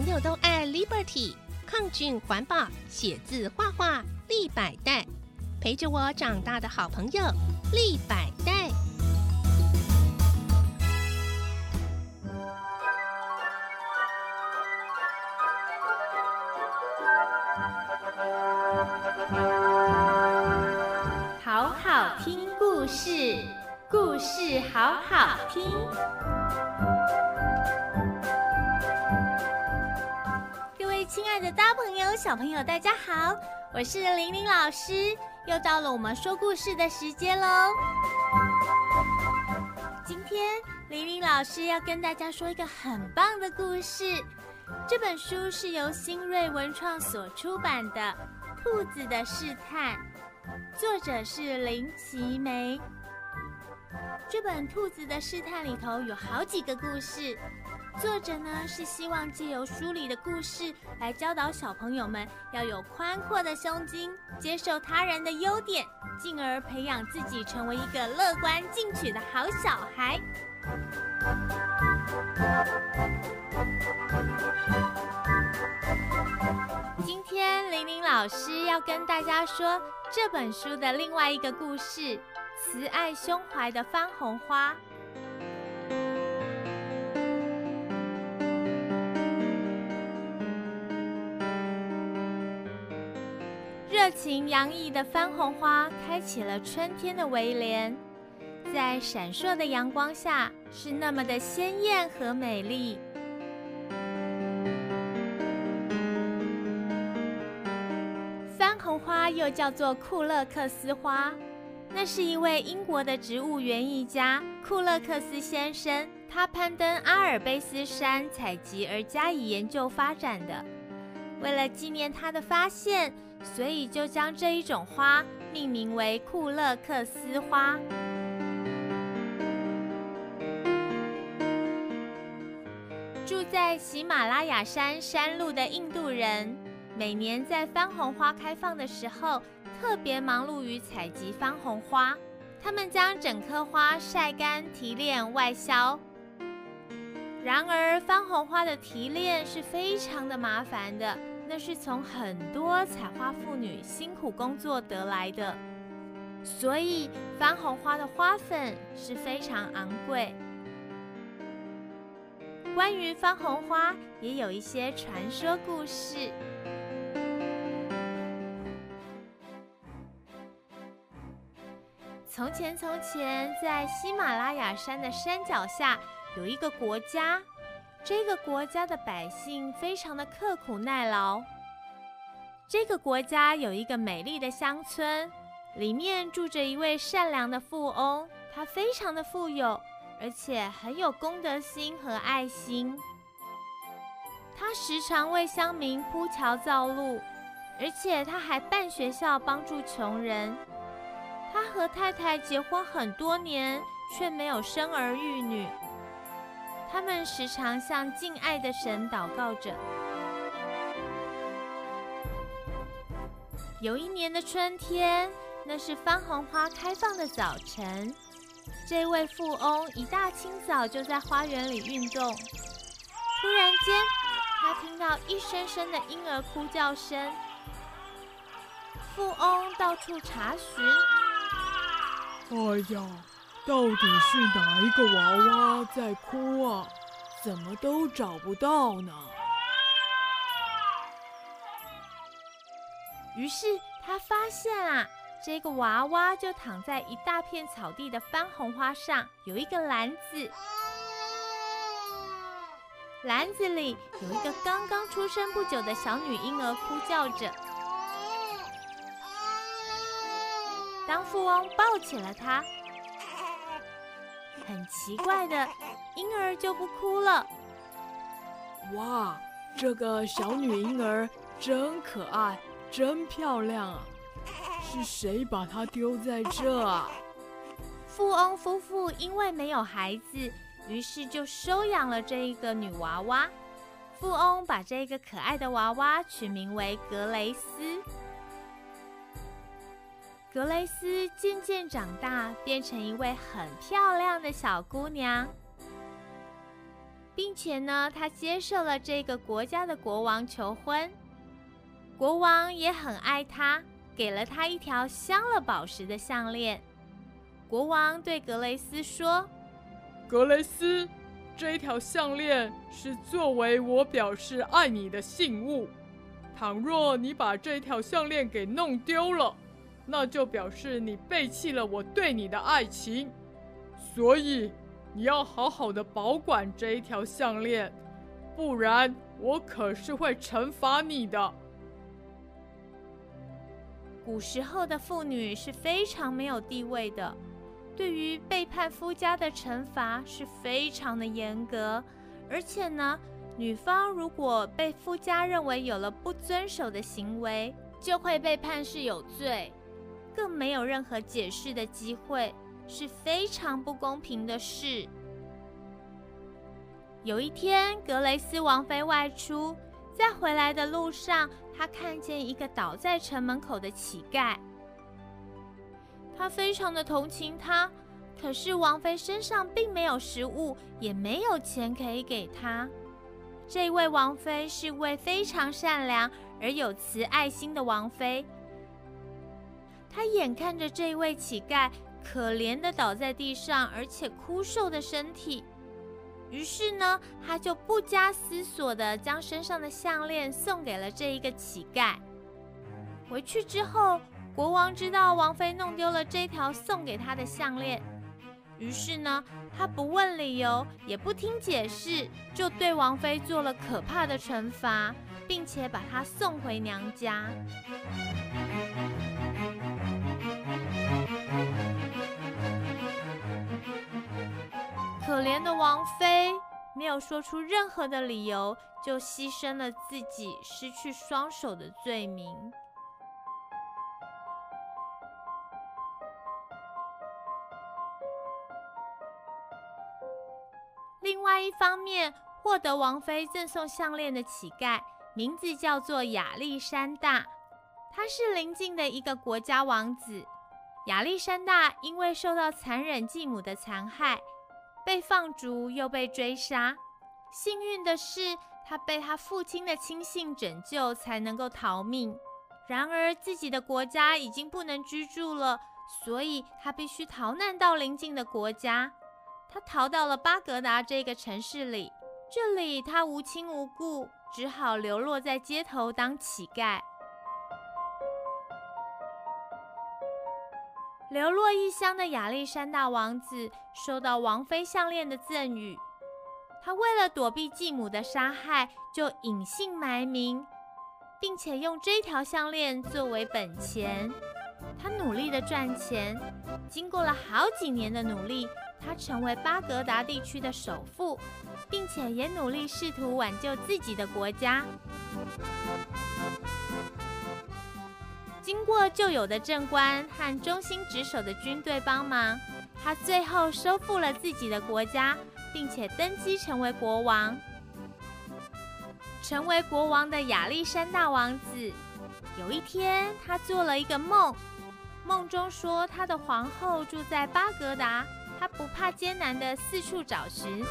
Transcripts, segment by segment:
朋友都愛 Liberty，抗菌環保，寫字畫畫利百代，陪着我長大的好朋友利百代。好好聽故事，故事好好聽。愛的大朋友、小朋友，大家好！我是玲玲老師，又到了我們說故事的時間嘍。今天玲玲老師要跟大家說一個很棒的故事。這本書是由新銳文創所出版的《兔子的試探》，作者是林奇梅。這本《兔子的試探》裡頭有好幾個故事。作者呢，是希望借由書裡的故事來教導小朋友們要有寬闊的胸襟，接受他人的優點，進而培養自己成為一個樂觀進取的好小孩。今天玲玲老師要跟大家說這本書的另外一個故事——慈愛胸懷的番紅花。熱情洋溢的番紅花開啟了春天的圍簾，在閃爍的陽光下是那麼的鮮豔和美麗。番紅花又叫做庫勒克斯花，那是一位英國的植物園藝家庫勒克斯先生，他攀登阿爾卑斯山採集而加以研究發展的，為了紀念他的發現。所以就將這一種花命名為庫勒克斯花。住在喜馬拉雅山山麓的印度人，每年在番紅花開放的時候，特別忙碌於採集番紅花。他們將整棵花曬乾、提煉、外銷。然而，番紅花的提煉是非常的麻煩的。那是從很多採花婦女辛苦工作得來的，所以番紅花的花粉是非常昂貴。關於番紅花，也有一些傳說故事。從前，從前，在喜馬拉雅山的山腳下，有一個國家。這個國家的百姓非常的刻苦耐勞。這個國家有一個美麗的鄉村，裡面住着一位善良的富翁，他非常的富有，而且很有公德心和愛心。他時常為鄉民鋪橋造路，而且他還辦學校幫助窮人。他和太太結婚很多年，卻沒有生兒育女。他們時常向敬愛的神禱告着。有一年的春天，那是番紅花開放的早晨，這位富翁一大清早就在花園裡運動。突然間，他聽到一聲聲的嬰兒哭叫聲。富翁到處查詢。哎呀！到底是哪一個娃娃在哭啊？怎麼都找不到呢？於是他發現啊，這個娃娃就躺在一大片草地的番紅花上，有一個籃子，籃子裡有一個剛剛出生不久的小女嬰兒，哭叫着。當富翁抱起了她，很奇怪的，嬰兒就不哭了。哇，這個小女嬰兒真可愛，真漂亮啊！是誰把她丟在這啊？富翁夫婦因為沒有孩子，於是就收養了這一個女娃娃。富翁把這個可愛的娃娃取名為格雷絲。格雷絲漸漸長大，變成一位很漂亮的小姑娘，並且呢，她接受了這個國家的國王求婚。國王也很愛她，給了她一條鑲了寶石的項鏈。國王對格雷絲說：“格雷絲，這條項鏈是作為我表示愛你的信物。倘若你把這條項鏈給弄丟了，”那就表示你背棄了我對你的愛情，所以你要好好的保管這一條項鏈，不然我可是會懲罰你的。古時候的婦女是非常沒有地位的，對於背叛夫家的懲罰是非常的嚴格，而且呢，女方如果被夫家認為有了不遵守的行為，就會被判是有罪。更沒有任何解釋的機會，是非常不公平的事。有一天，格雷絲王妃外出，在回來的路上，她看見一個倒在城門口的乞丐。她非常的同情他，可是王妃身上並沒有食物，也沒有錢可以給他。這位王妃是一位非常善良而有慈愛心的王妃。他眼看着這位乞丐可憐的倒在地上，而且枯瘦的身體，於是呢，他就不假思索的將身上的項鏈送給了這一個乞丐。回去之後，國王知道王妃弄丟了這條送給他的項鏈，於是呢，他不問理由，也不聽解釋，就對王妃做了可怕的懲罰，並且把她送回娘家。可憐的王妃沒有說出任何的理由，就犧牲了自己失去雙手的罪名。另外一方面，獲得王妃贈送項鏈的乞丐名字叫做亞歷山大，他是鄰近的一個國家王子。亞歷山大因為受到殘忍繼母的殘害。被放逐，又被追殺，幸運的是，他被他父親的親信拯救，才能夠逃命。然而，自己的國家已經不能居住了，所以他必須逃難到鄰近的國家。他逃到了巴格達這個城市裡，這裡他無親無故，只好流落在街頭當乞丐。流落異鄉的亞歷山大王子收到王妃項鏈的贈予，他為了躲避繼母的殺害，就隱姓埋名，並且用這條項鏈作為本錢。他努力地賺錢，經過了好幾年的努力，他成為巴格達地區的首富，並且也努力試圖挽救自己的國家。經過舊有的政官和忠心職守的軍隊幫忙，他最後收復了自己的國家，並且登基成為國王。成為國王的亞歷山大王子，有一天他做了一個夢，夢中說他的皇后住在巴格達，他不怕艱難的四處找尋。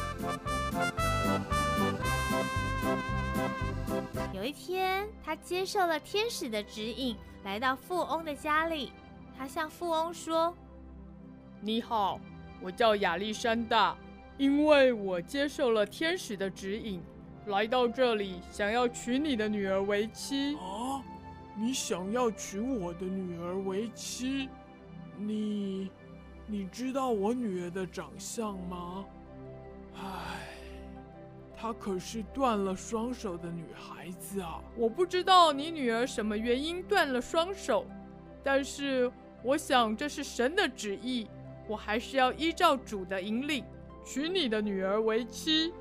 有一天，他接受了天使的指引，來到富翁的家裡。他向富翁說：“你好，我叫亞歷山大，因為我接受了天使的指引，來到這裡，想要娶你的女兒為妻。”啊，你想要娶我的女兒為妻？你，你知道我女兒的長相嗎？她可是斷了雙手的女孩子啊！我不知道你女兒什麼原因斷了雙手，但是我想這是神的旨意，我還是要依照主的引領，娶你的女兒為妻。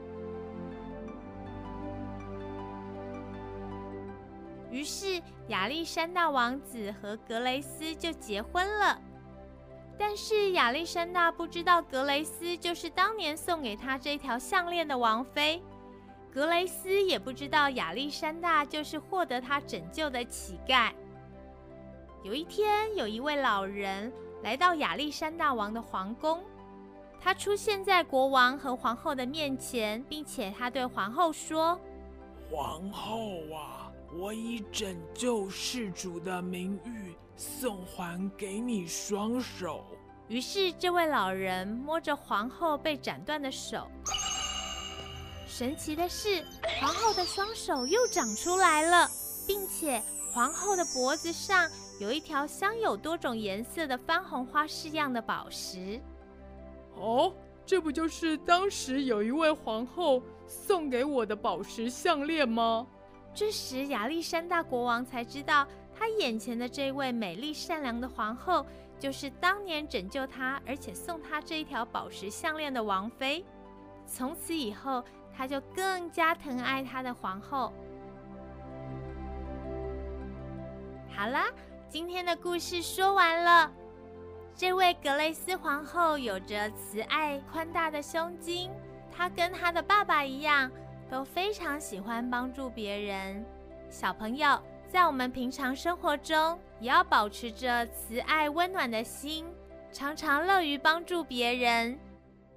於是，亞歷山大王子和格雷絲就結婚了。但是亞歷山大不知道格雷斯就是當年送給他這條項鏈的王妃，格雷斯也不知道亞歷山大就是獲得他拯救的乞丐。有一天，有一位老人來到亞歷山大王的皇宮，他出現在國王和皇後的面前，並且他對皇後說：“皇後啊，我以拯救世主的名譽。”送還給你雙手。於是，這位老人摸着皇后被斬斷的手，神奇的是，皇後的雙手又長出來了，並且皇後的脖子上有一條鑲有多種顏色的番紅花式樣的寶石。哦，這不就是當時有一位皇后送給我的寶石項鏈嗎？這時，亞歷山大國王才知道。他眼前的這位美麗善良的皇後，就是當年拯救他而且送他這一條寶石項鏈的王妃。從此以後，他就更加疼愛他的皇後。好了，今天的故事說完了。這位格雷絲皇後有着慈愛寬大的胸襟，她跟她的爸爸一樣，都非常喜歡幫助別人。小朋友。在我們平常生活中，也要保持着慈愛溫暖的心，常常樂於幫助別人，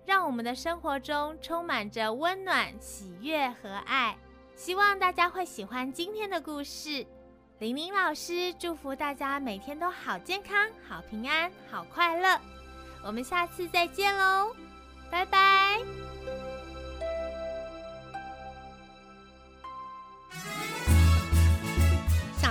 讓我們的生活中充滿着溫暖、喜悅和愛。希望大家會喜歡今天的故事。玲玲老師祝福大家每天都好健康、好平安、好快樂。我們下次再見嘍，拜拜。